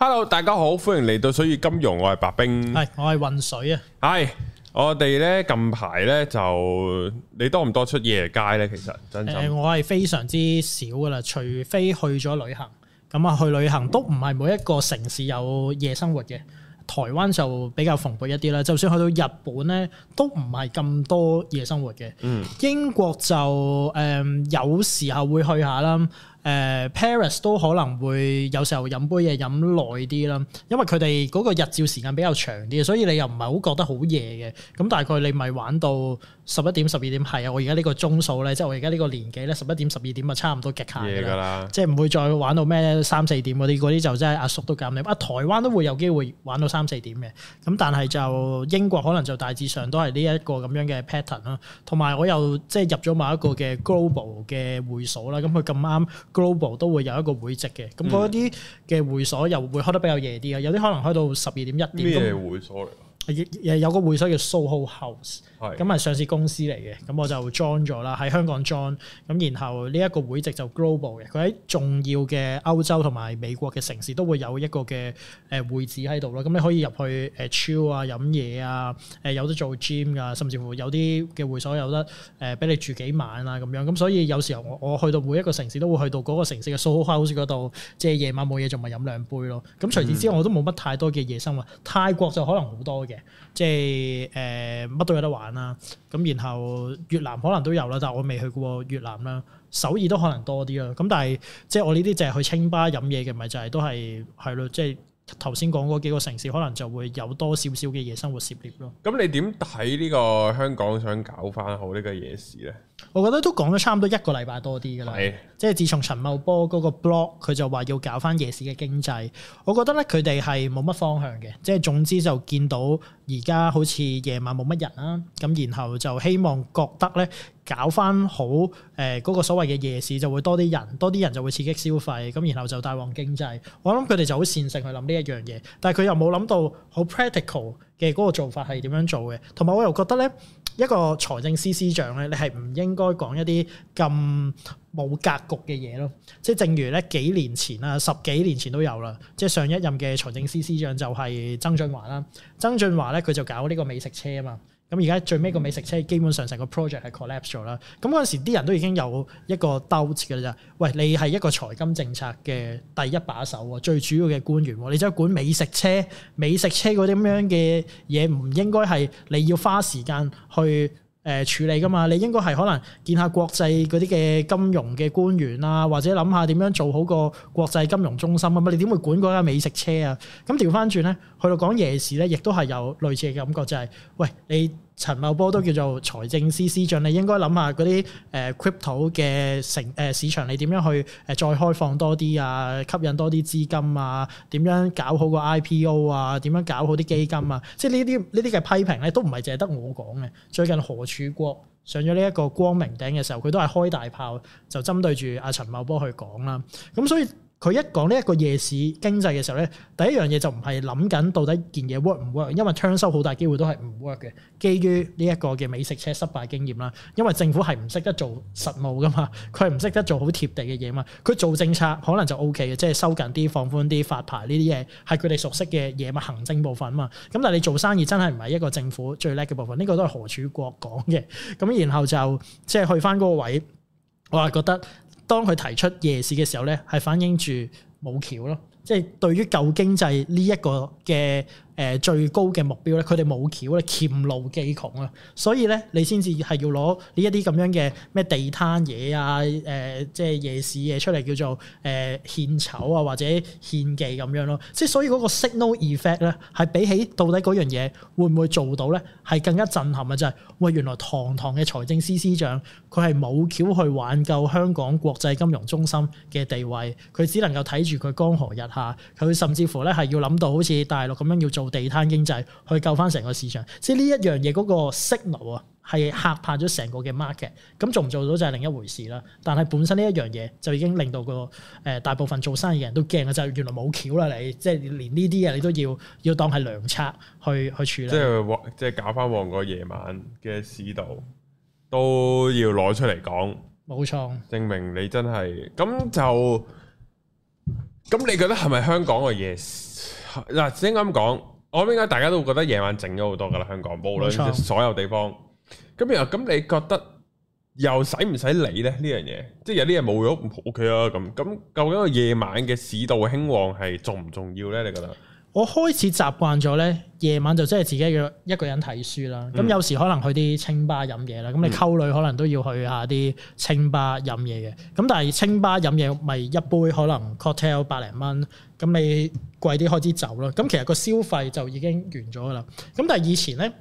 Hello，大家好，歡迎嚟到水與金融，我係白兵，係我係渾水啊，係我哋咧近排咧就你多唔多出夜街咧？其實真誒、呃，我係非常之少噶啦，除非去咗旅行，咁啊去旅行都唔係每一個城市有夜生活嘅，台灣就比較蓬勃一啲啦。就算去到日本咧，都唔係咁多夜生活嘅。嗯，英國就誒、呃、有時候會去下啦。誒 Paris，呃、都可能會有時候飲杯嘢飲耐啲啦，因為佢哋嗰個日照時間比較長啲，所以你又唔係好覺得好夜嘅，咁大概你咪玩到十一點十二點係啊！我而家呢個鐘數咧，即係我而家呢個年紀咧，十一點十二點咪差唔多極限㗎啦！即係唔會再玩到咩三四點嗰啲，嗰啲就真係阿叔都搞唔掂。啊，台灣都會有機會玩到三四點嘅，咁但係就英國可能就大致上都係呢一個咁樣嘅 pattern 啦。同埋我又即係入咗某一個嘅 global 嘅會所啦，咁佢咁啱 global 都會有一個會籍嘅。咁嗰啲嘅會所又會開得比較夜啲啊，有啲可能開到十二點一點。咩會所嚟？誒有個會所叫 Soho House，咁係上市公司嚟嘅，咁我就 join 咗啦，喺香港 join，咁然後呢一個會籍就 global 嘅，佢喺重要嘅歐洲同埋美國嘅城市都會有一個嘅誒會址喺度咯，咁你可以入去誒 chill 啊飲嘢啊，誒有得做 gym 噶，甚至乎有啲嘅會所有得誒俾你住幾晚啊咁樣，咁所以有時候我我去到每一個城市都會去到嗰個城市嘅 Soho House 嗰度，即係夜晚冇嘢做咪飲兩杯咯，咁除此之外我都冇乜太多嘅夜生活，泰國就可能好多嘅。即係誒，乜、呃、都有得玩啦。咁然後越南可能都有啦，但係我未去過越南啦。首爾都可能多啲啦。咁但係即係我呢啲淨係去清吧飲嘢嘅，咪就係、是、都係係咯，即係。頭先講嗰幾個城市，可能就會有多少少嘅夜生活涉獵咯。咁你點睇呢個香港想搞返好呢個夜市咧？我覺得都講咗差唔多一個禮拜多啲㗎喇，是即係自從陳茂波嗰個 blog，佢就話要搞返夜市嘅經濟，我覺得咧佢哋係冇乜方向嘅，即係總之就見到。而家好似夜晚冇乜人啦，咁然後就希望覺得咧搞翻好誒嗰、呃那個所謂嘅夜市就會多啲人，多啲人就會刺激消費，咁然後就帶旺經濟。我諗佢哋就好善性去諗呢一樣嘢，但係佢又冇諗到好 practical 嘅嗰個做法係點樣做嘅。同埋我又覺得咧，一個財政司司長咧，你係唔應該講一啲咁，冇格局嘅嘢咯，即係正如咧幾年前啦，十幾年前都有啦，即係上一任嘅財政司司長就係曾俊華啦。曾俊華咧佢就搞呢個美食車啊嘛，咁而家最尾個美食車基本上成個 project 係 collapse 咗啦。咁嗰陣時啲人都已經有一個 doubt 㗎啦，就，喂你係一個財金政策嘅第一把手啊，最主要嘅官員，你就管美食車、美食車嗰啲咁樣嘅嘢，唔應該係你要花時間去。誒、呃、處理噶嘛，你應該係可能見下國際嗰啲嘅金融嘅官員啊，或者諗下點樣做好個國際金融中心咁啊？你點會管嗰架美食車啊？咁調翻轉呢，去到講夜市呢，亦都係有類似嘅感覺，就係、是、喂你。陳茂波都叫做財政司司長，你應該諗下嗰啲誒、呃、Crypto 嘅成誒、呃、市場，你點樣去誒再開放多啲啊？吸引多啲資金啊？點樣搞好個 IPO 啊？點樣搞好啲基金啊？即係呢啲呢啲嘅批評咧，都唔係淨係得我講嘅。最近何柱國上咗呢一個光明頂嘅時候，佢都係開大炮，就針對住阿陳茂波去講啦。咁所以。佢一講呢一個夜市經濟嘅時候咧，第一樣嘢就唔係諗緊到底件嘢 work 唔 work，因為 charge 收好大機會都係唔 work 嘅，基於呢一個嘅美食車失敗經驗啦。因為政府係唔識得做實務㗎嘛，佢係唔識得做好貼地嘅嘢嘛。佢做政策可能就 OK 嘅，即係收緊啲、放寬啲、發牌呢啲嘢，係佢哋熟悉嘅嘢物行政部分啊嘛。咁但係你做生意真係唔係一個政府最叻嘅部分，呢個都係何柱國講嘅。咁然後就即係去返嗰個位，我係覺得。當佢提出夜市嘅時候咧，係反映住冇橋咯，即係對於舊經濟呢一個嘅。誒最高嘅目標咧，佢哋冇橋咧，黔驢技窮啊！所以咧，你先至係要攞呢一啲咁樣嘅咩地攤嘢啊，誒即係夜市嘢出嚟叫做誒、呃、獻醜啊，或者獻技咁樣咯。即係所以嗰個 signal effect 咧，係比起到底嗰樣嘢會唔會做到咧，係更加震撼嘅就係、是，喂，原來堂堂嘅財政司司長，佢係冇橋去挽救香港國際金融中心嘅地位，佢只能夠睇住佢江河日下，佢甚至乎咧係要諗到好似大陸咁樣要做。地攤經濟去救翻成個市場，即係呢一樣嘢嗰個 signal 啊，係吓怕咗成個嘅 market。咁做唔做到就係另一回事啦。但係本身呢一樣嘢就已經令到個誒大部分做生意嘅人都驚啊！就係原來冇橋啦，你即係連呢啲嘢你都要要當係良策去去處理。即係即係搞翻旺個夜晚嘅市道都要攞出嚟講，冇錯錯，證明你真係咁就咁你覺得係咪香港嘅嘢嗱？先啱講。我諗應該大家都會覺得夜晚靜咗好多噶啦，香港無論錯所有地方。咁然後咁你覺得又使唔使理咧呢樣嘢？即係有啲嘢冇咗，O K 啊咁。咁究竟個夜晚嘅市道興旺係重唔重要咧？你覺得？我開始習慣咗咧，夜晚就即係自己嘅一個人睇書啦。咁、嗯、有時可能去啲清吧飲嘢啦，咁、嗯、你溝女可能都要去下啲清吧飲嘢嘅。咁、嗯、但係清吧飲嘢咪一杯可能 Cocktail 百零蚊，咁你貴啲開支酒咯。咁其實個消費就已經完咗噶啦。咁但係以前咧。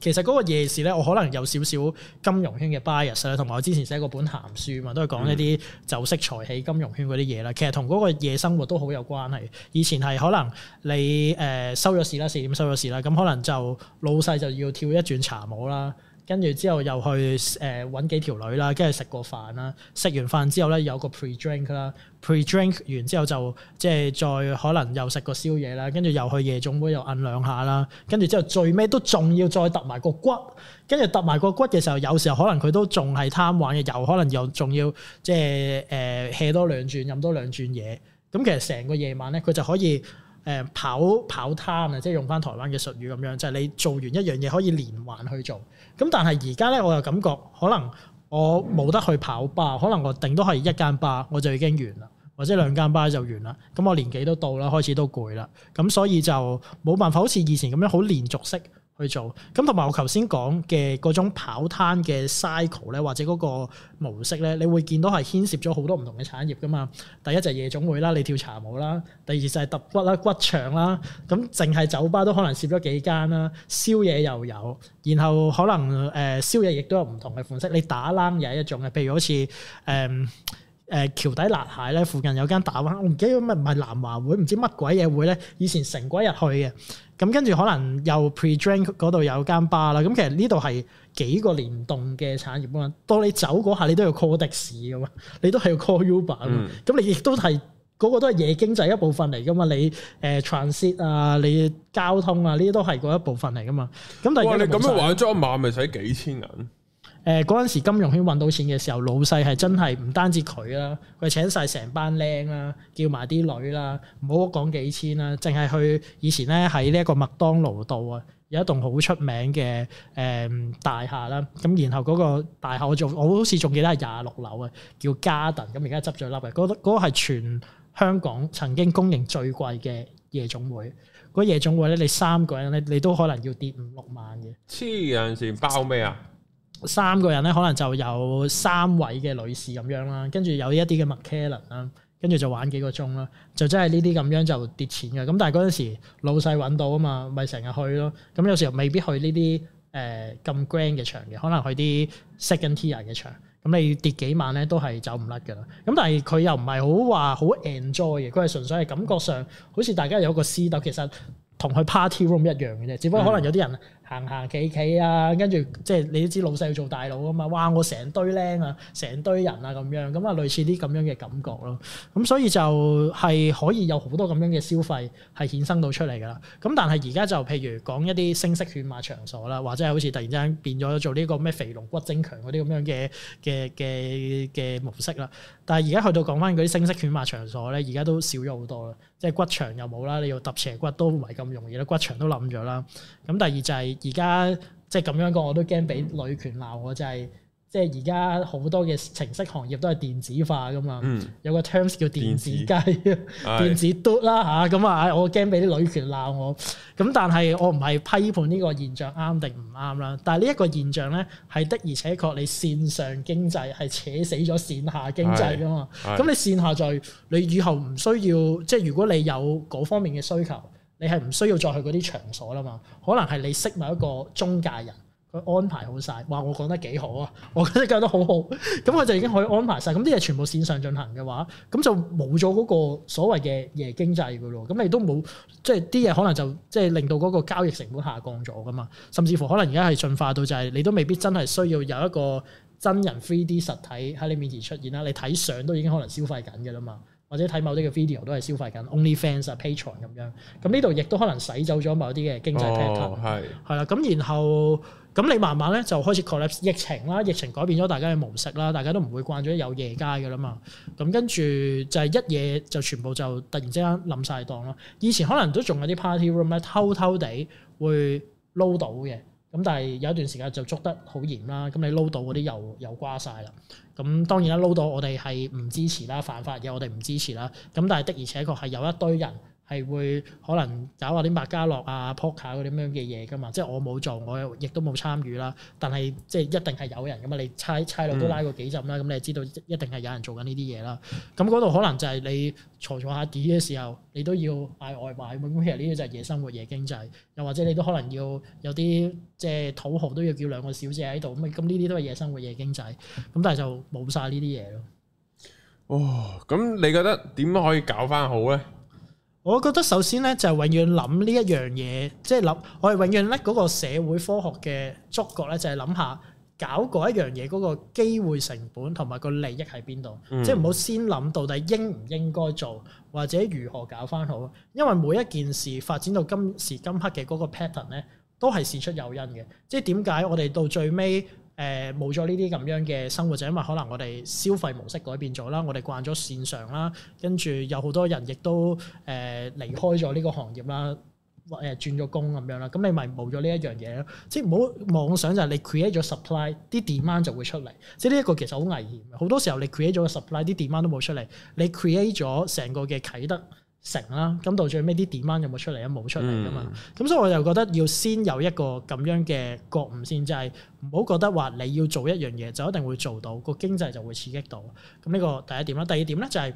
其實嗰個夜市咧，我可能有少少金融圈嘅 bias 啦，同埋我之前寫過本鹹書嘛，都係講一啲酒色財氣金融圈嗰啲嘢啦。其實同嗰個夜生活都好有關係。以前係可能你誒、呃、收咗市啦，四點收咗市啦，咁可能就老細就要跳一轉茶舞啦。.跟住之後又去誒揾、呃、幾條女啦，跟住食個飯啦，食完飯之後咧有個 pre drink 啦，pre drink 完之後就即係再可能又食個宵夜啦，跟住又去夜總會又摁兩下啦，跟住之後最尾都仲要再揼埋個骨，跟住揼埋個骨嘅時候，有時候可能佢都仲係貪玩嘅，又可能又仲要即係誒 hea 多兩轉，飲多兩轉嘢，咁其實成個夜晚咧佢就可以。誒跑跑攤啊，即係用翻台灣嘅術語咁樣，就係、是、你做完一樣嘢可以連環去做。咁但係而家咧，我又感覺可能我冇得去跑吧，可能我頂多係一間吧，我就已經完啦，或者兩間吧就完啦。咁我年紀都到啦，開始都攰啦。咁所以就冇辦法好似以前咁樣好連續式。去做。咁同埋我頭先講嘅嗰種跑攤嘅 cycle 咧，或者嗰個模式咧，你會見到係牽涉咗好多唔同嘅產業噶嘛。第一就係夜總會啦，你跳茶舞啦；第二就係揼骨啦、骨場啦。咁淨係酒吧都可能涉咗幾間啦，宵夜又有，然後可能誒、呃、宵夜亦都有唔同嘅款式。你打冷又係一種嘅，譬如好似誒。呃誒、呃、橋底辣蟹咧，附近有間大灣，我唔記得咩唔係南華會，唔知乜鬼嘢會咧。以前成鬼日去嘅，咁跟住可能又 pre-drink 嗰度有間 bar 啦。咁其實呢度係幾個連動嘅產業啊嘛。當你走嗰下，你都要 call 的士噶嘛，你都係要 call Uber 噶嘛。咁你亦都係嗰個都係夜經濟一部分嚟噶嘛。你誒 transit 啊，你交通啊，呢啲都係嗰一部分嚟噶嘛。咁但係你咁樣玩裝馬，咪使幾千銀？誒嗰陣時，金融圈揾到錢嘅時候，老細係真係唔單止佢啦，佢請晒成班僆啦，叫埋啲女啦，唔好講幾千啦，淨係去以前咧喺呢一個麥當勞道啊，有一棟好出名嘅誒、呃、大廈啦。咁然後嗰個大廈我仲我好似仲記得係廿六樓啊，叫嘉頓。咁而家執咗笠啊，嗰、那、嗰個係全香港曾經供營最貴嘅夜總會。嗰、那個、夜總會咧，你三個人咧，你都可能要跌五六萬嘅黐人線包咩啊？三個人咧，可能就有三位嘅女士咁樣啦，跟住有一啲嘅麥卡倫啦，跟住就玩幾個鐘啦，就真係呢啲咁樣就跌錢嘅。咁但係嗰陣時老細揾到啊嘛，咪成日去咯。咁有時候未必去呢啲誒咁 grand 嘅場嘅，可能去啲 second tier 嘅場。咁你跌幾萬咧，都係走唔甩㗎啦。咁但係佢又唔係好話好 enjoy 嘅，佢係純粹係感覺上好似大家有個私竇，其實同去 party room 一樣嘅啫。只不過可能有啲人。嗯行行企企啊，跟住即係你都知老細要做大佬啊嘛！哇，我成堆僆啊，成堆人啊咁樣，咁啊類似啲咁樣嘅感覺咯。咁所以就係可以有好多咁樣嘅消費係衍生到出嚟㗎啦。咁但係而家就譬如講一啲聲色犬馬場所啦，或者係好似突然之間變咗做呢個咩肥龍骨精強嗰啲咁樣嘅嘅嘅嘅模式啦。但係而家去到講翻嗰啲聲色犬馬場所咧，而家都少咗好多啦。即係骨場又冇啦，你要揼斜骨都唔係咁容易啦，骨場都冧咗啦。咁第二就係。而家即係咁樣講，我都驚俾女權鬧我，就係、是、即係而家好多嘅程式行業都係電子化噶嘛，嗯、有個 terms 叫電子雞、電子嘟 的啦嚇，咁啊，啊，我驚俾啲女權鬧我。咁但係我唔係批判呢個現象啱定唔啱啦，但係呢一個現象咧係的而且確你線上經濟係扯死咗線下經濟噶嘛，咁你線下在你以後唔需要，即係如果你有嗰方面嘅需求。你係唔需要再去嗰啲場所啦嘛？可能係你識埋一個中介人，佢安排好晒。話我講得幾好啊，我覺得教得好好，咁我就已經可以安排晒。咁啲嘢全部線上進行嘅話，咁就冇咗嗰個所謂嘅夜經濟噶咯。咁你都冇即係啲嘢可能就即係、即係、令到嗰個交易成本下降咗噶嘛。甚至乎可能而家係進化到就係你都未必真係需要有一個真人 3D 實體喺你面前出現啦。你睇相都已經可能消費緊嘅啦嘛。或者睇某啲嘅 video 都係消費緊 OnlyFans 啊 Patreon 咁樣，咁呢度亦都可能洗走咗某啲嘅經濟 pattern 係啦，咁、oh, 的然後咁你慢慢咧就開始 collect 疫情啦，疫情改變咗大家嘅模式啦，大家都唔會慣咗有夜街嘅啦嘛，咁跟住就一夜就全部就突然之間冧晒檔咯，以前可能都仲有啲 party room 咧偷偷地會撈到嘅。咁但係有一段時間就捉得好嚴啦，咁你撈到嗰啲又又瓜晒啦，咁當然啦撈到我哋係唔支持啦，犯法嘢我哋唔支持啦，咁但係的而且確係有一堆人。係會可能搞下啲百家樂啊、Poker 嗰啲咁樣嘅嘢噶嘛，即係我冇做，我亦都冇參與啦。但係即係一定係有人噶嘛，你差差佬都拉過幾陣啦，咁、嗯、你係知道一定係有人做緊呢啲嘢啦。咁嗰度可能就係你坐坐下啲嘅時候，你都要嗌外賣，咁其實呢啲就係夜生活、夜經濟。又或者你都可能要有啲即係土豪都要叫兩個小姐喺度，咁咁呢啲都係夜生活、夜經濟。咁但係就冇晒呢啲嘢咯。哦，咁你覺得點樣可以搞翻好咧？我覺得首先咧就係永遠諗呢一樣嘢，即係諗我係永遠拎嗰個社會科學嘅觸覺咧，就係諗下搞嗰一樣嘢嗰個機會成本同埋個利益喺邊度，嗯、即係唔好先諗到底應唔應該做或者如何搞返好，因為每一件事發展到今時今刻嘅嗰個 pattern 咧，都係事出有因嘅，即係點解我哋到最尾，誒冇咗呢啲咁樣嘅生活就因為可能我哋消費模式改變咗啦，我哋慣咗線上啦，跟住有好多人亦都誒、呃、離開咗呢個行業啦，誒、呃、轉咗工咁樣啦，咁你咪冇咗呢一樣嘢咯。即係唔好妄想就係你 create 咗 supply，啲 demand 就會出嚟。即係呢一個其實好危險，好多時候你 create 咗個 supply，啲 demand 都冇出嚟，你 create 咗成個嘅啟德。成啦，咁到最尾啲 demand 有冇出嚟啊？冇出嚟噶嘛，咁、嗯、所以我就覺得要先有一個咁樣嘅覺悟先，就係唔好覺得話你要做一樣嘢就一定會做到，個經濟就會刺激到。咁呢個第一點啦，第二點咧就係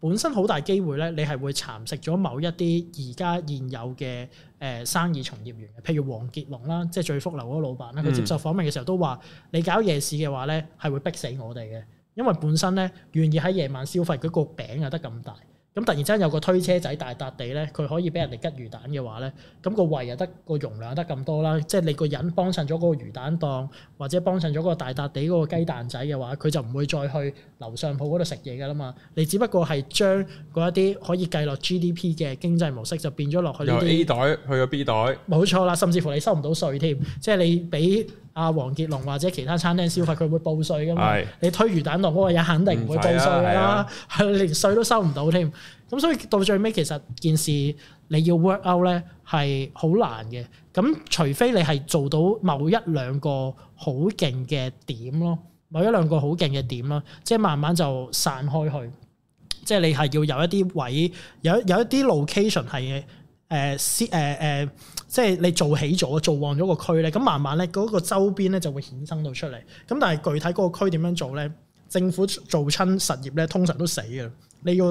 本身好大機會咧，你係會蠶食咗某一啲而家現有嘅誒生意從業員，譬如黃傑龍啦，即係敘福樓嗰個老闆啦，佢接受訪問嘅時候都話：你搞夜市嘅話咧，係會逼死我哋嘅，因為本身咧願意喺夜晚消費佢、嗰個餅啊得咁大。咁突然之間有個推車仔大笪地咧，佢可以俾人哋吉魚蛋嘅話咧，咁個胃又得個容量得咁多啦，即係你個人幫襯咗嗰個魚蛋檔或者幫襯咗個大笪地嗰個雞蛋仔嘅話，佢就唔會再去樓上鋪嗰度食嘢噶啦嘛。你只不過係將嗰一啲可以計落 GDP 嘅經濟模式就變咗落去。由 A 袋去到 B 袋，冇錯啦，甚至乎你收唔到稅添，即係你俾，阿王傑龍或者其他餐廳消費，佢會報稅噶嘛？是你推魚蛋檔嗰個嘢肯定唔會報稅啦，係、啊啊、連稅都收唔到添。咁所以到最尾其實件事你要 work out 咧係好難嘅。咁除非你係做到某一兩個好勁嘅點咯，某一兩個好勁嘅點咯，即係慢慢就散開去。即係你係要有一啲位，有有一啲 location 係。誒先誒誒，即係你做起咗，做旺咗個區咧，咁慢慢咧嗰個周邊咧就會衍生到出嚟。咁但係具體嗰個區點樣做咧？政府做親實業咧，通常都死嘅。你要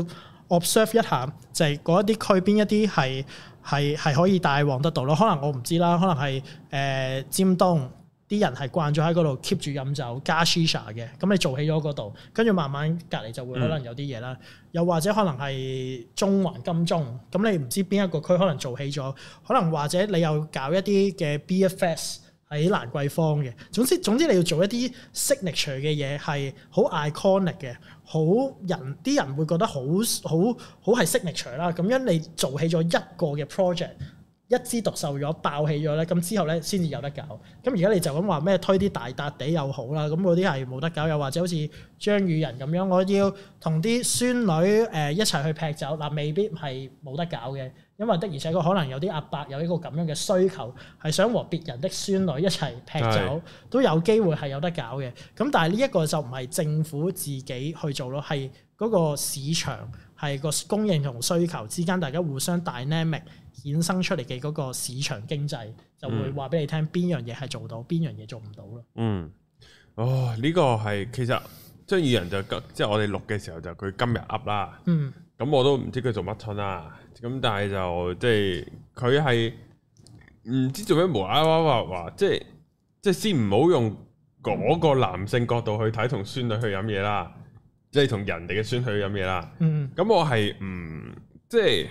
observe 一下，就係、是、嗰一啲區邊一啲係係係可以帶旺得到咯。可能我唔知啦，可能係誒、呃、尖東。啲人係慣咗喺嗰度 keep 住飲酒加 shisha 嘅，咁你做起咗嗰度，跟住慢慢隔籬就會可能有啲嘢啦。嗯、又或者可能係中環金鐘，咁你唔知邊一個區可能做起咗，可能或者你又搞一啲嘅 BFS 喺蘭桂坊嘅。總之總之你要做一啲 signature 嘅嘢係好 iconic 嘅，好人啲人會覺得好好好係 signature 啦。咁樣你做起咗一個嘅 project。一枝獨秀咗爆起咗咧，咁之後咧先至有得搞。咁而家你就咁話咩？推啲大笪地又好啦，咁嗰啲係冇得搞。又或者好似張宇人咁樣，我要同啲孫女誒、呃、一齊去劈酒，嗱未必係冇得搞嘅，因為的而且確可能有啲阿伯有一個咁樣嘅需求，係想和別人的孫女一齊劈酒，對都有機會係有得搞嘅。咁但係呢一個就唔係政府自己去做咯，係嗰個市場係個供應同需求之間，大家互相 dynamic。衍生出嚟嘅嗰個市場經濟就會話俾你聽邊、嗯、樣嘢係做到，邊樣嘢做唔到咯。嗯，哦，呢、這個係其實張宇人就即係、就是、我哋錄嘅時候就佢今日 up 啦。嗯，咁我都唔知佢做乜春啦。咁但係就即係佢係唔知做咩無啦啦話，即係即係先唔好用嗰個男性角度去睇同孫女去飲嘢啦，即係同人哋嘅孫女去飲嘢啦嗯。嗯，咁我係唔即係。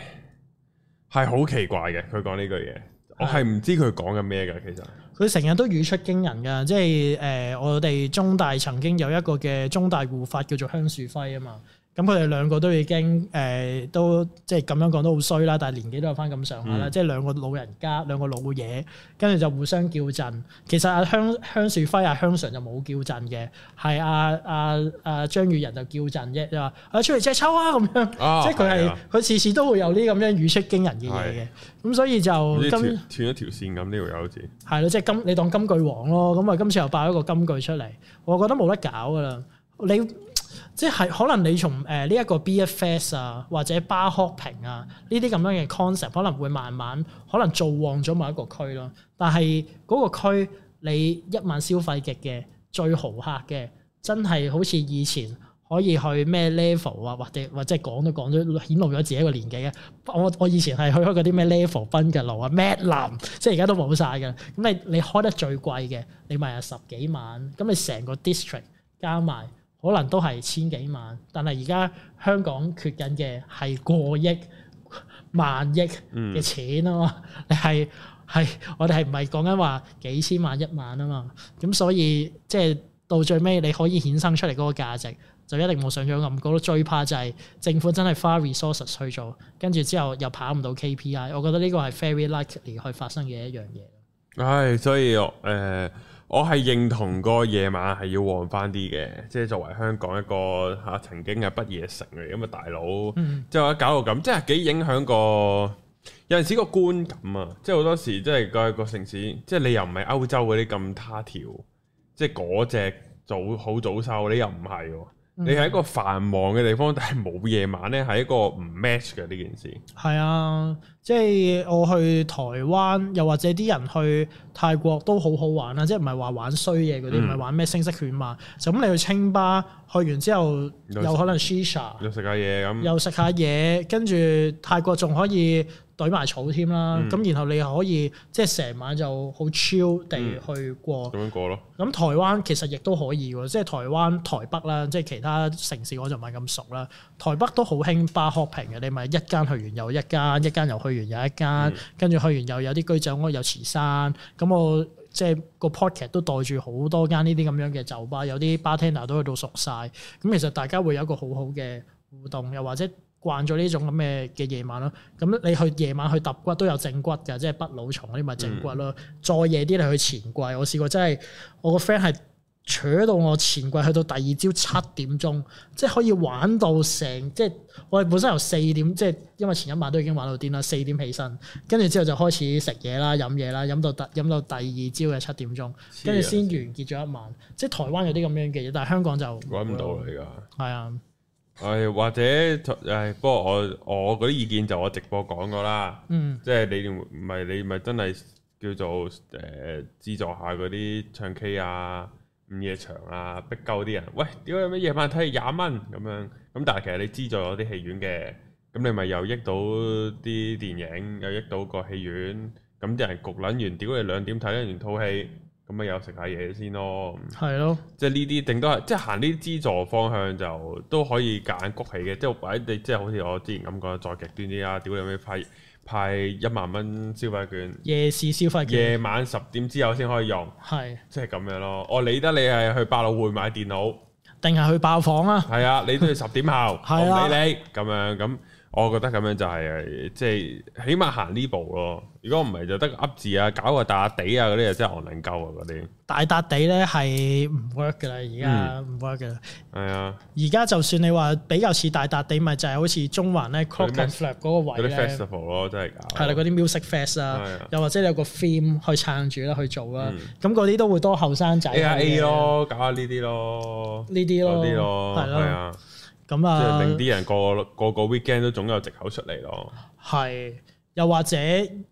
係好奇怪嘅，佢講呢句嘢，是我係唔知佢講緊咩㗎。其實佢成日都語出驚人㗎，即係誒、呃，我哋中大曾經有一個嘅中大護法叫做香樹輝啊嘛。咁佢哋兩個都已經誒，都即係咁樣講都好衰啦。但係年紀都有翻咁上下啦，即係兩個老人家，兩個老嘢，跟住就互相叫陣。其實阿香香樹輝阿香 Sir 就冇叫陣嘅，係阿阿阿張宇人就叫陣啫。就話我出嚟借抽啊咁，即係佢係佢次次都會有啲咁樣語出驚人嘅嘢嘅。咁所以就斷咗條線咁，呢個友好似。係咯，即係金你當金句王咯。咁啊，今次又爆一個金句出嚟，我覺得冇得搞噶啦。你即係可能你從誒呢一個 BFS 啊，或者 Bar hopping 啊，呢啲咁樣嘅 concept 可能會慢慢可能做旺咗某一個區咯。但係嗰個區你一晚消費極嘅最豪客嘅，真係好似以前可以去咩 level 啊，或者或者講都講咗，顯露咗自己一個年紀嘅。我我以前係去開嗰啲咩 level 賓嘅樓啊，Madlam，即係而家都冇晒㗎。咁你你開得最貴嘅，你咪係十幾萬。咁你成個 district 加埋。可能都係千幾萬，但係而家香港缺緊嘅係過億、萬億嘅錢咯、啊。係係、嗯， 我哋係唔係講緊話幾千萬一萬啊嘛？咁所以即係、就是、到最尾你可以衍生出嚟嗰個價值，就一定冇想象咁高咯。我覺得最怕就係政府真係花 resources 去做，跟住之後又跑唔到 KPI。我覺得呢個係 very likely 去發生嘅一樣嘢。唉，所以我、呃我係認同個夜晚係要旺翻啲嘅，即係作為香港一個嚇、啊、曾經嘅不夜城嚟，咁啊大佬、嗯，即係我搞到咁，即係幾影響個有陣時個觀感啊！即係好多時即係個城市，即係你又唔係歐洲嗰啲咁他條，即係嗰隻早好早收，你又唔係喎。你喺一個繁忙嘅地方，但係冇夜晚咧，係一個唔 match 嘅呢件事。係啊，即係我去台灣，又或者啲人去泰國都好好玩啊。即係唔係話玩衰嘢嗰啲，唔係、嗯、玩咩聲色犬馬。咁你去清吧，去完之後、嗯、又可能 shisha，又食下嘢咁，又食下嘢，嗯、跟住泰國仲可以。對埋草添啦，咁、嗯、然後你又可以即係成晚就好 chill 地去過。咁、嗯、樣過咯。咁台灣其實亦都可以喎，即係台灣台北啦，即係其他城市我就唔係咁熟啦。台北都好興 bar hopping 嘅，你咪一間去完又一間，一間又去完又一間，跟住、嗯、去完又有啲居酒屋，有池山。咁我即係、就是、個 project 都袋住好多間呢啲咁樣嘅酒吧，有啲 bartender 都去到熟晒。咁其實大家會有一個好好嘅互動，又或者。慣咗呢種咁嘅嘅夜晚咯，咁你去夜晚去揼骨都有正骨㗎，即係不老蟲嗰啲咪正骨咯。嗯、再夜啲你去前櫃，我試過真係我個 friend 係坐到我前櫃去到第二朝七點鐘， 即係可以玩到成，即係我哋本身由四點，即係因為前一晚都已經玩到癲啦，四點起身，跟住之後就開始食嘢啦、飲嘢啦，飲到第飲到第二朝嘅七點鐘，跟住先完結咗一晚。即係台灣有啲咁樣嘅嘢，但係香港就揾唔到啦，而家係啊。誒、哎、或者誒、哎、不過我我嗰啲意見就我直播講過啦，嗯、即係你唔係你咪真係叫做誒、呃、資助下嗰啲唱 K 啊、午夜場啊、逼鳩啲人，喂，屌，點解咁夜晚睇廿蚊咁樣？咁但係其實你資助咗啲戲院嘅，咁你咪又益到啲電影，又益到個戲院，咁啲人焗撚完，屌你兩點睇完套戲。咁咪有食下嘢先咯，係咯，即係呢啲定都係，即係行呢啲資助方向就都可以夾硬谷起嘅，即係或者你即係好似我之前咁講，再極端啲啊，屌你咩派派一萬蚊消費券，夜市消費券，夜晚十點之後先可以用，係是，即係咁樣咯。我理得你係去百老匯買電腦，定係去爆房啊？係啊，你都要十點後，唔理、 啊、你咁樣咁。我覺得咁樣就係，即係起碼行呢步咯。如果唔係，就得個噏字啊，搞個大笪地啊嗰啲，真係戇鳩啊嗰啲。大笪地咧係唔 work 㗎啦，而家唔 work 㗎啦。係啊，而家就算你話比較似大笪地，咪就係好似中環咧 crock and flip 嗰個位咧。嗰啲 festival 咯，真係㗎。係啦，嗰啲 music fest 啊，又或者你有個 theme 去撐住啦，去做啦，咁嗰啲都會多後生仔。A A A 咯，搞下呢啲咯，呢啲咯，係咯，係啊。咁啊！即係令啲人個個個 weekend 都總有藉口出嚟咯。係，又或者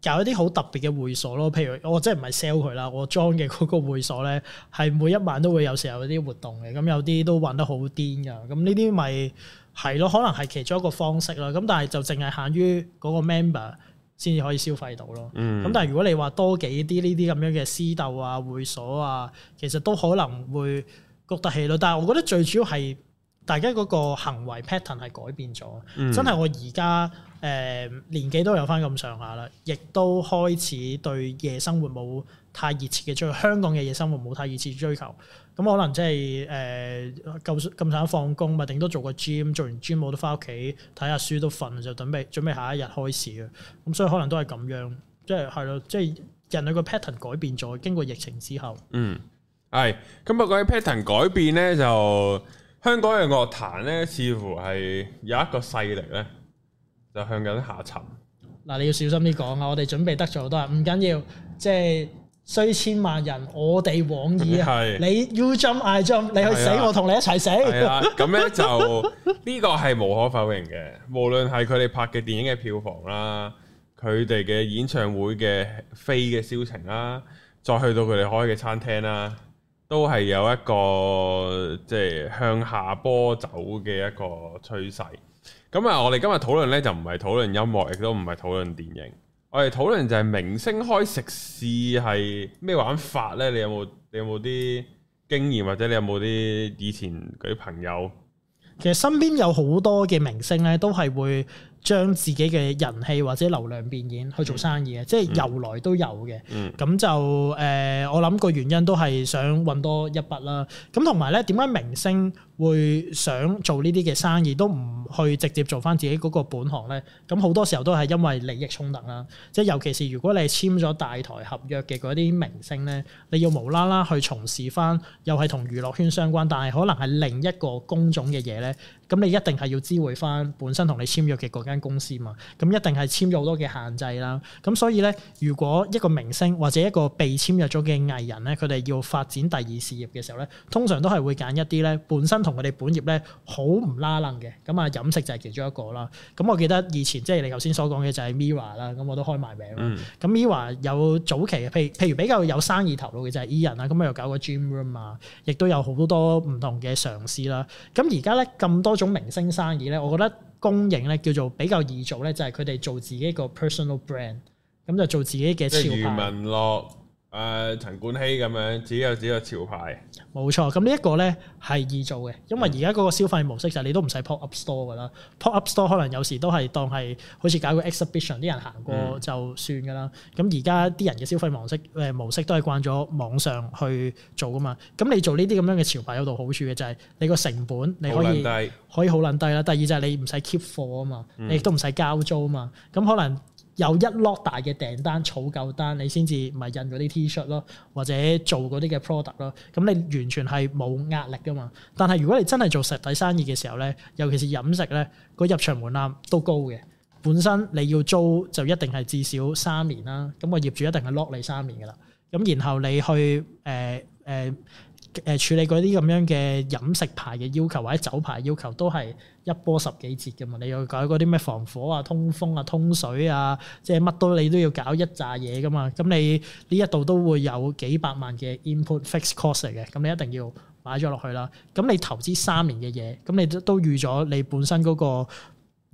搞一啲好特別嘅會所咯。譬如我即係唔係 sell 佢啦，我 join 嘅嗰個會所咧，係每一晚都會有時候有啲活動嘅。咁有啲都玩得好癲㗎。咁呢啲咪係咯？可能係其中一個方式啦。咁但係就淨係限於嗰個 member 先至可以消費到咯。咁但係如果你話多幾啲呢啲咁樣嘅私竇啊會所啊，其實都可能會覺得氣咯。但係我覺得最主要係。大家嗰個行為 pattern 係改變咗，嗯、真係我而家誒年紀都有翻咁上下啦，亦都開始對夜生活冇太熱切嘅追求，香港嘅夜生活冇太熱切追求。咁、嗯、可能即係誒夠咁想放工，咪定都做個 gym，做完 gym 我都翻屋企睇下書都瞓，就準備準備下一日開始啊。咁、嗯、所以可能都係咁樣，即係係咯，即係、即係、人類個 pattern 改變咗，經過疫情之後。嗯，係。咁啊講 pattern 改變咧，就。香港嘅樂壇咧，似乎係有一個勢力咧，就向緊下沉。嗱，你要小心啲講啊！我哋準備得咗好多，唔緊要，即係雖千萬人我哋往矣啊！的你 you jump I jump，你去死的我同你一齊死。咁咧就呢個係無可否認嘅。 無論係佢哋拍嘅電影嘅票房啦，佢哋嘅演唱會嘅飛嘅銷情啦，再去到佢哋開嘅餐廳啦。都係有一個即係向下波走嘅一個趨勢。咁啊，我哋今日討論呢，就唔係討論音樂亦都唔係討論電影，我哋討論就係明星開食肆係咩玩法呢？你有冇，你有冇啲經驗或者你有冇啲以前嗰啲朋友？其實身邊有好多嘅明星呢，都係會。將自己嘅人氣或者流量變現去做生意嘅，嗯、即係由來都有嘅。咁、嗯、就誒、呃，我諗個原因都係想揾多一筆啦。咁同埋咧，點解明星會想做呢啲嘅生意都唔去直接做翻自己嗰個本行咧，咁好多時候都係因為利益衝突啦。即係尤其是如果你係簽咗大台合約嘅嗰啲明星咧，你要無啦啦去從事翻又係同娛樂圈相關，但係可能係另一個工種嘅嘢咧，咁你一定係要知會翻本身同你簽約嘅嗰間公司嘛。咁一定係簽咗好多嘅限制啦。咁所以咧，如果一個明星或者一個被簽約咗嘅藝人咧，佢哋要發展第二事業嘅時候咧，通常都係會揀一啲咧本身同我哋本業咧好唔拉楞嘅，咁啊飲食就係其中一個啦。咁我記得以前即係、就是、你頭先所講嘅就係 m i r a 啦，咁我都開埋名。咁、嗯、m i r a 有早期，譬如譬如比較有生意頭腦嘅就係 E 人啦，咁啊又搞個 Gym Room 啊，亦都有好多唔同嘅嘗試啦。咁而家咧咁多種明星生意咧，我覺得供應咧叫做比較易做咧，就係佢哋做自己個 personal brand，咁就做自己嘅潮牌。民咯。誒、呃、陳冠希咁樣，自己有自己嘅潮牌。冇錯，咁呢一個咧係易做嘅，因為而家嗰個消費模式就係你都唔使 pop up store 噶啦，pop up store 可能有時都係當係好似搞個 exhibition，啲人行過就算噶啦。咁而家啲人嘅消費模式誒、呃、模式都係慣咗網上去做噶嘛，咁你做呢啲咁樣嘅潮牌有度好處嘅就係你個成本你可以可以好撚低啦。第二就係你唔使 keep 貨啊嘛，嗯、你亦都唔使交租啊嘛，咁可能。有一 lot 大嘅訂單、儲夠單，你先至咪印嗰啲 T-shirt 咯，shirt，或者做嗰啲嘅 product 咯。咁你完全係冇壓力噶嘛？但係如果你真係做實體生意嘅時候咧，尤其是飲食咧，個入場門檻都高嘅。本身你要租就一定係至少三年啦。咁個業主一定係 lock 你三年噶啦。咁然後你去誒誒誒處理嗰啲咁樣嘅飲食牌嘅要求或者酒牌要求都係。一波十幾節嘅嘛，你要搞嗰啲咩防火啊、通風啊、通水啊，即係乜都你都要搞一扎嘢嘅嘛。咁你呢一度都會有幾百萬嘅 input fixed cost 嚟嘅，咁你一定要擺咗落去啦。咁你投資三年嘅嘢，咁你都預咗你本身嗰個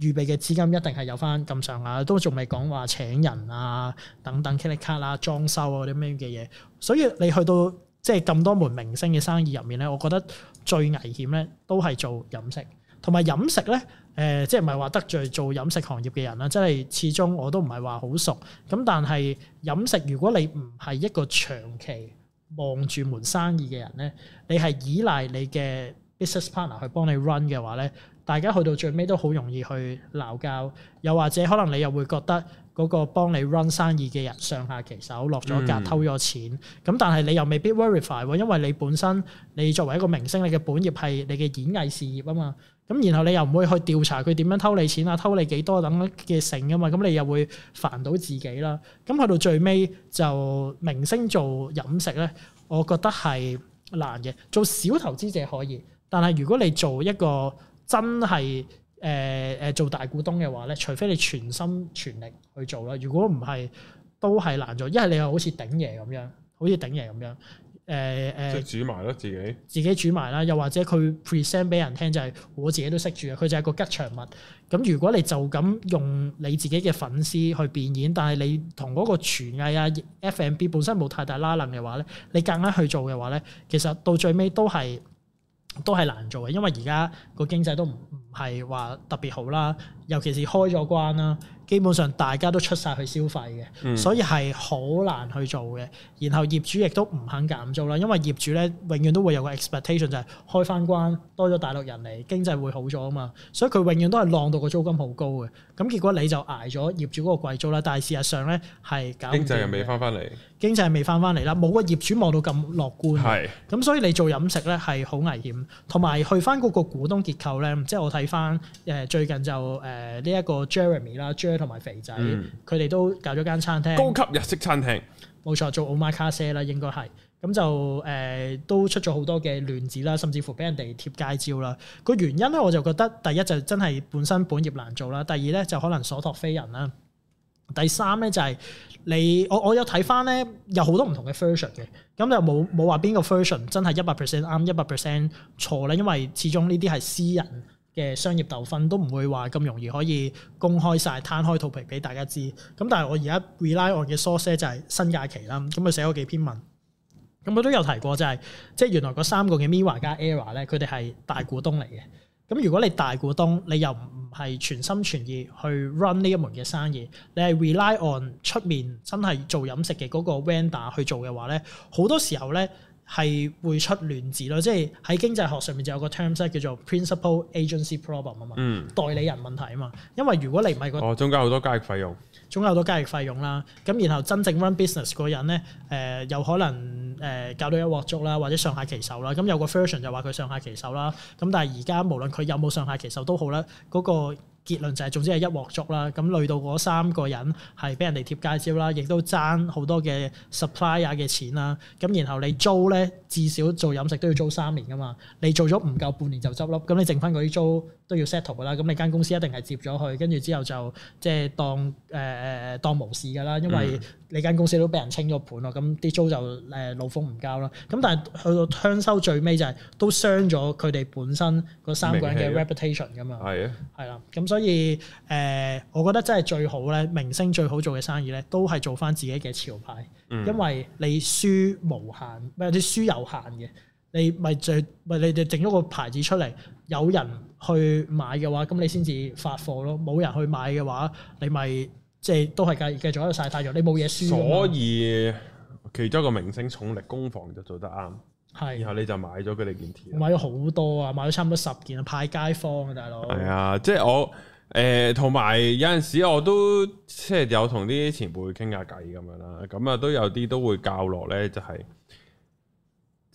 預備嘅資金一定係有返咁上下，都仲未講話請人啊等等 credit card 啊裝修啊啲咩嘅嘢。所以你去到即係咁多門明星嘅生意入面咧，我覺得最危險咧都係做飲食。同埋飲食咧，誒、呃，即係唔係話得罪做飲食行業嘅人啦，即係始終我都唔係話好熟。咁但係飲食，如果你唔係一個長期望住門生意嘅人咧，你係依賴你嘅 business partner 去幫你 run 嘅話咧，大家去到最尾都好容易去鬧交。又或者可能你又會覺得嗰個幫你 run 生意嘅人上下其手下下，落咗格偷咗錢。咁、嗯、但係你又未必 verify 喎，因為你本身你作為一個明星，你嘅本業係你嘅演藝事業啊嘛。咁然後你又唔會去調查佢點樣偷你錢啊，偷你幾多等嘅性啊嘛，咁你又會煩到自己啦。咁去到最尾就明星做飲食咧，我覺得係難嘅。做小投資者可以，但係如果你做一個真係誒誒做大股東嘅話咧，除非你全心全力去做啦。如果唔係，都係難做。一係你又好似鼎爺咁樣，好似鼎爺咁樣。誒誒，呃、即煮埋咯自己，自己煮埋啦。又或者佢 present 俾人聽就係、是、我自己都識煮嘅。佢就係個吉祥物。咁如果你就咁用你自己嘅粉絲去表演，但係你同嗰個廚藝啊、F&B 本身冇太大拉能嘅話咧，你夾硬去做嘅話咧，其實到最尾都係都係難做嘅，因為而家個經濟都唔係話特別好啦。尤其是開咗關啦，基本上大家都出晒去消費嘅，所以係好難去做嘅。然後業主亦都唔肯減租啦，因為業主咧永遠都會有個 expectation 就係開翻關多咗大陸人嚟，經濟會好咗啊嘛，所以佢永遠都係浪到個租金好高嘅。咁結果你就捱咗業主嗰個貴租啦。但係事實上咧係搞經濟係未翻翻嚟，經濟係未翻翻嚟啦，冇個業主望到咁樂觀。係咁，所以你做飲食咧係好危險，同埋去翻嗰個股東結構咧，即係我睇翻誒最近就誒。誒呢一個 Jeremy 啦 Jer 同埋肥仔，佢哋、嗯、都搞咗間餐廳，高級日式餐廳，冇錯，做 Omakase 啦，應該係咁就誒、呃、都出咗好多嘅亂子啦，甚至乎俾人哋貼街招啦。個原因咧，我就覺得第一就真係本身本業難做啦，第二咧就可能所託非人啦，第三咧就係、是、你我我有睇翻咧，有好多唔同嘅 version 嘅，咁就冇冇話邊個 version 真係一百 percent 啱，一百 percent 錯咧，因為始終呢啲係私人。嘅商業糾紛都唔會話咁容易可以公開晒，攤開肚皮俾大家知。咁但係我而家 rely on 嘅 source 就係新假期啦，咁佢寫咗幾篇文。咁佢都有提過就係、是，即係原來嗰三個嘅 Mirror 加 Error 咧，佢哋係大股東嚟嘅。咁如果你大股東，你又唔係全心全意去 run 呢一門嘅生意，你係 rely on 出面真係做飲食嘅嗰個 vendor 去做嘅話咧，好多時候咧。係會出亂子咯，即係喺經濟學上面就有個 terms 叫做 principal agency problem 啊嘛、嗯，代理人問題啊嘛。因為如果你唔係、嗰個哦中間好多交易費用，中間好多交易費用啦，咁然後真正 run business 嗰人咧，誒、呃、有可能誒、呃、搞到一鑊粥啦，或者上下其手啦，咁有個 version 就話佢上下其手啦，咁但係而家無論佢有冇上下其手都好咧，嗰、嗰個。結論就係、是、總之係一鑊粥啦，咁累到嗰三個人係俾人哋貼街招啦，亦都爭好多嘅 supplier 嘅錢啦，咁然後你租呢，至少做飲食都要租三年㗎嘛，你做咗唔夠半年就執笠，咁你剩返嗰啲租，都要 settle 啦，咁你間公司一定係接咗佢，跟住之後就即係、就是、當誒誒、呃、當無事噶啦，因為你間公司都俾人清咗盤咯，咁啲租就誒、呃、老奉唔交啦。咁但係去到香收最尾就係、是、都傷咗佢哋本身嗰三個人嘅 reputation 噶嘛。係啊，係啦的，咁所以誒、呃，我覺得真係最好咧，明星最好做嘅生意咧，都係做返自己嘅潮牌，嗯、因為你輸無限，唔有啲輸有限嘅。你咪就咪你哋整咗個牌子出嚟，有人去買嘅話，咁你先至發貨咯。冇人去買嘅話，你咪即係都係繼繼續喺度曬太陽。你冇嘢輸。所以其中一個明星重力攻防就做得啱，係是。然後你就買咗佢哋件。買咗好多啊！買咗差唔多十件啊！派街坊啊，大佬。係啊，即係我誒，同、呃、埋有陣時我都即係有同啲前輩傾下偈咁樣啦。咁啊，都有啲都會教落咧，就係、是。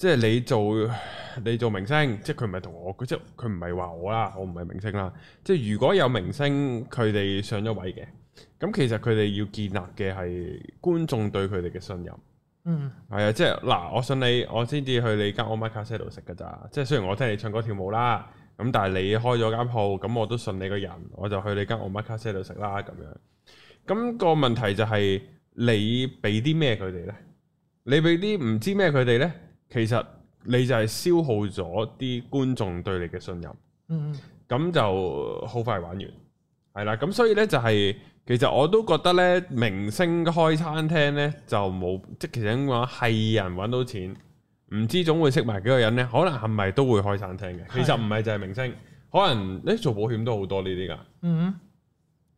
即係你做你做明星，即係佢唔係同我，即係佢唔係話我啦。我唔係明星啦。即係如果有明星，佢哋上咗位嘅咁，其實佢哋要建立嘅係觀眾對佢哋嘅信任。嗯，係啊，即係嗱，我信你，我先至去你間 omakase 度食㗎咋。即係雖然我聽你唱歌跳舞啦，咁但係你開咗間鋪，咁我都信你個人，我就去你間 omakase 度食啦。咁樣咁個問題就係你俾啲咩佢哋咧？你俾啲唔知咩佢哋咧？其實你就係消耗咗啲觀眾對你嘅信任，咁、嗯、就好快就玩完，係啦。咁所以呢，就係、是，其實我都覺得呢，明星開餐廳呢就冇，即係其實咁話係人揾到錢，唔知總會識埋幾個人呢，可能係咪都會開餐廳嘅？的其實唔係就係明星，可能呢、欸、做保險都好多呢啲㗎。嗯，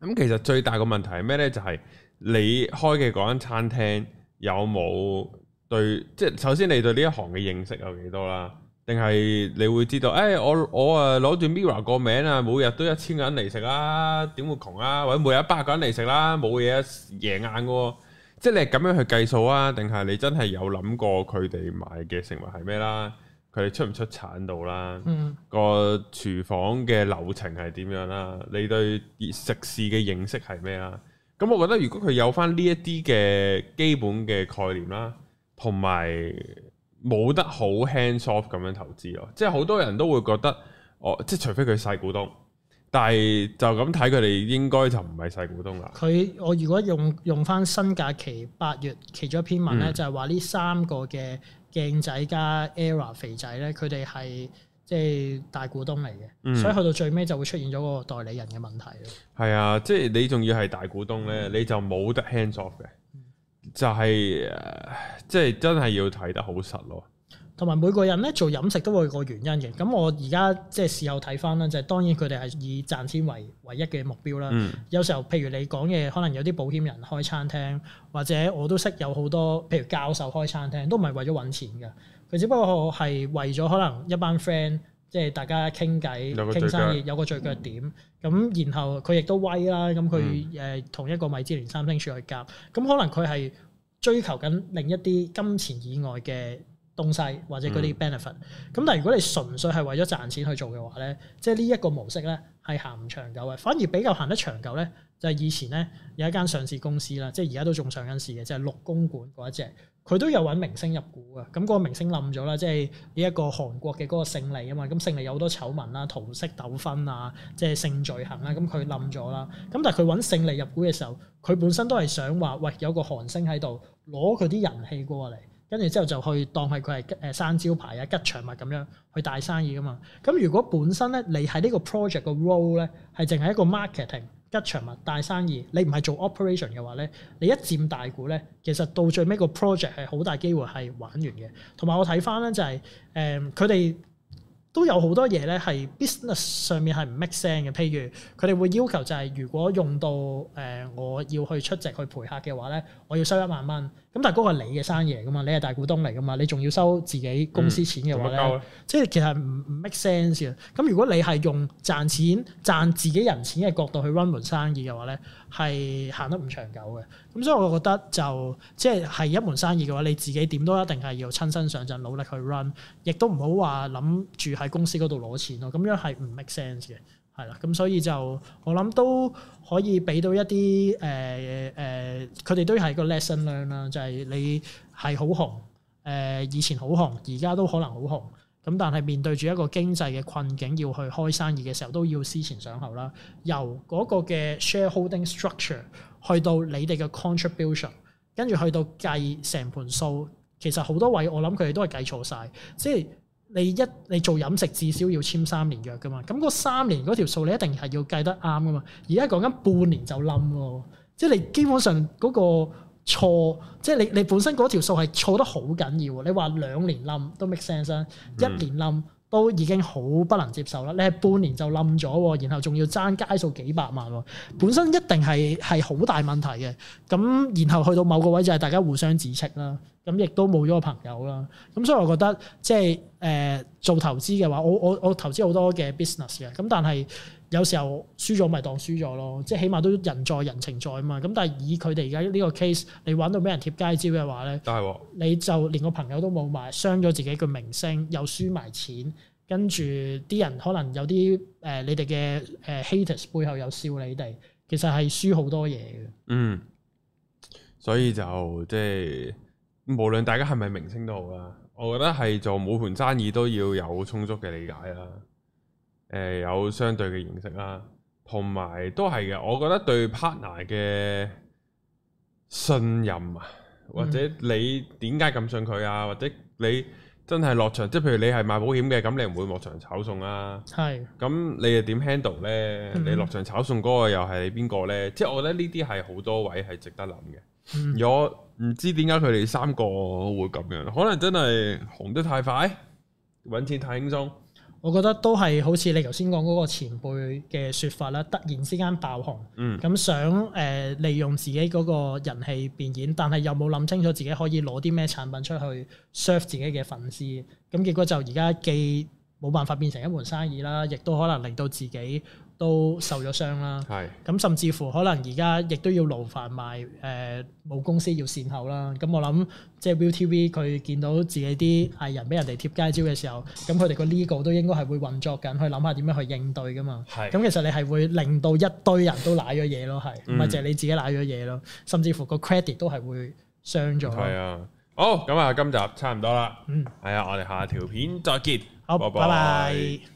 咁其實最大嘅問題係咩呢？就係、是、你開嘅嗰間餐廳有冇？對，即係首先你對呢一行嘅認識有幾多啦？定係你會知道，誒、欸，我我誒攞住 Mirror 個名啊，名每日都一千銀嚟食啦，點會窮啊？或者每日一百個人嚟食啦，冇嘢贏硬嘅，即係你係咁樣去計數啊？定係你真係有諗過佢哋買嘅食物係咩啦？佢哋出唔出產度啦、啊？個廚、嗯、房嘅流程係點樣啦、啊？你對食肆嘅認識係咩啦？咁我覺得如果佢有翻呢一啲嘅基本嘅概念啦、啊。同埋冇得好 hands off 咁樣投資咯，即係好多人都會覺得我、哦、即係除非佢細股東，但係就咁睇佢哋應該就唔係細股東啦。佢我如果用用返新假期八月其中一篇文咧，嗯、就係話呢三個嘅鏡仔加 Error 肥仔咧，佢哋係即係大股東嚟嘅，嗯、所以去到最尾就會出現咗個代理人嘅問題咯。係啊，即係你仲要係大股東咧，嗯、你就冇得 hands off 嘅。就係即係真係要睇得好實咯，同埋每個人咧做飲食都會有個原因嘅。咁我而家即係事後睇返啦，就係就係、當然佢哋係以賺錢為唯一嘅目標啦。嗯、有時候譬如你講嘅，可能有啲保險人開餐廳，或者我都識有好多譬如教授開餐廳，都唔係為咗揾錢嘅，佢只不過係為咗可能一班 friend。即係大家傾偈、傾生意，有個聚腳點。咁、嗯、然後佢亦都威啦。咁佢誒同一個米芝蓮三星處去夾。咁可能佢係追求緊另一啲金錢以外嘅東西，或者嗰啲 benefit、嗯。咁但係如果你純粹係為咗賺錢去做嘅話咧，即係呢一個模式咧係行唔長久嘅。反而比較行得長久咧，就係、是、以前咧有一間上市公司啦，即係而家都仲上緊市嘅，就係六公館嗰一隻。佢都有揾明星入股啊，咁、那、嗰個明星冧咗啦，即係呢一個韓國嘅嗰個勝利啊嘛，咁勝利有好多醜聞啦、桃色糾紛啊、即係性罪行啊。咁佢冧咗啦。咁但係佢揾勝利入股嘅時候，佢本身都係想話，喂、呃、有個韓星喺度攞佢啲人氣過嚟，跟住之後就去當係佢係誒生招牌啊、吉祥物咁樣去大生意噶嘛。咁如果本身咧，你喺呢個 project 個 role 咧，係淨係一個 marketing。一場物大生意，你唔係做 operation 嘅話咧，你一佔大股咧，其實到最尾個 project 係好大機會係玩完嘅。同埋我睇翻咧就係誒佢哋。呃都有好多嘢咧，係 business 上面係唔 make sense 嘅。譬如佢哋會要求就係如果用到誒、呃、我要去出席去陪客嘅話咧，我要收一萬蚊。咁但係個係你嘅生意嚟㗎嘛，你係大股東嚟㗎嘛，你仲要收自己公司嘅錢嘅話咧，嗯、即係其實唔唔 make sense 嘅。咁如果你係用賺錢賺自己人錢嘅角度去 run 門生意嘅話咧，係行得唔長久嘅。咁所以我覺得就即係係一門生意嘅話，你自己點都一定係要親身上陣努力去 run，亦都唔好話諗住係。喺公司嗰度攞錢咯，咁樣係唔 make sense 嘅，係啦。咁所以就我諗都可以俾到一啲誒誒佢哋都係個 lesson learn 啦，就係你係好紅誒以前好紅而家都可能好紅，咁但係面對住一個經濟嘅困境，要去開生意嘅時候，都要思前想後啦。由嗰個嘅 shareholding structure 去到你哋嘅 contribution，跟住去到計成盤數，其實好多位我諗佢哋都係計錯晒，即係。你一你做飲食至少要簽三年約噶嘛，咁嗰三年嗰條數你一定係要計得啱噶嘛。而家講緊半年就冧喎，即係你基本上嗰個錯，即係你你本身嗰條數係錯得好緊要。你話兩年冧都 make sense 啊，一年冧。都已經好不能接受啦！你係半年就冧咗，然後仲要爭街數幾百萬，本身一定係係好大問題嘅。咁然後去到某個位就係大家互相指斥啦。咁亦都冇咗個朋友啦。咁所以我覺得即係誒、呃、做投資嘅話，我我我投資好多嘅 business 嘅。咁但係。有時候輸咗咪當輸咗咯，即係起碼都人在人情在啊嘛。咁但係以佢哋而家呢個 case，你玩到俾人貼街招嘅話咧，係喎糕，你就連個朋友都冇埋，傷咗自己個名聲，又輸埋錢，跟住啲人可能有啲誒、呃，你哋嘅誒 haters 背後又笑你哋，其實係輸好多嘢嘅。嗯，所以就即係、就是、無論大家係咪明星都好啦，我覺得係做每盤生意都要有充足嘅理解啦。誒、呃、有相對嘅認識啦，同埋都係嘅。我覺得對 partner 嘅信任啊，或者你點解咁信佢啊？嗯、或者你真係落場，即係譬如你係賣保險嘅，咁你唔會落場炒餸啊。係。咁你又點 handle 咧？嗯、你落場炒餸嗰個又係邊個咧？嗯、即係我覺得呢啲係好多位係值得諗嘅。嗯、如果唔知點解佢哋三個會咁樣，可能真係紅得太快，揾錢太輕鬆。我覺得都係好似你頭先講嗰個前輩嘅説法啦，突然之間爆紅，咁、嗯、想誒利用自己嗰個人氣變現，但係又冇諗清楚自己可以攞啲咩產品出去 serve 自己嘅粉絲，咁結果就而家既冇辦法變成一門生意啦，亦都可能令到自己。都受咗傷啦，咁是甚至乎可能而家亦都要勞煩埋誒母公司要善後啦。咁我諗即係 ViuTV 佢見到自己啲藝人俾人哋貼街招嘅時候，咁佢哋個 legal 都應該係會運作緊，去諗下點樣去應對噶嘛。咁是其實你係會令到一堆人都舐咗嘢咯，係，唔係就係你自己舐咗嘢咯。嗯、甚至乎個 credit 都係會傷咗。係啊、嗯，嗯、好，咁啊，今集差唔多啦。嗯，係啊，我哋下條片、嗯、再見。好，Okay. 拜拜。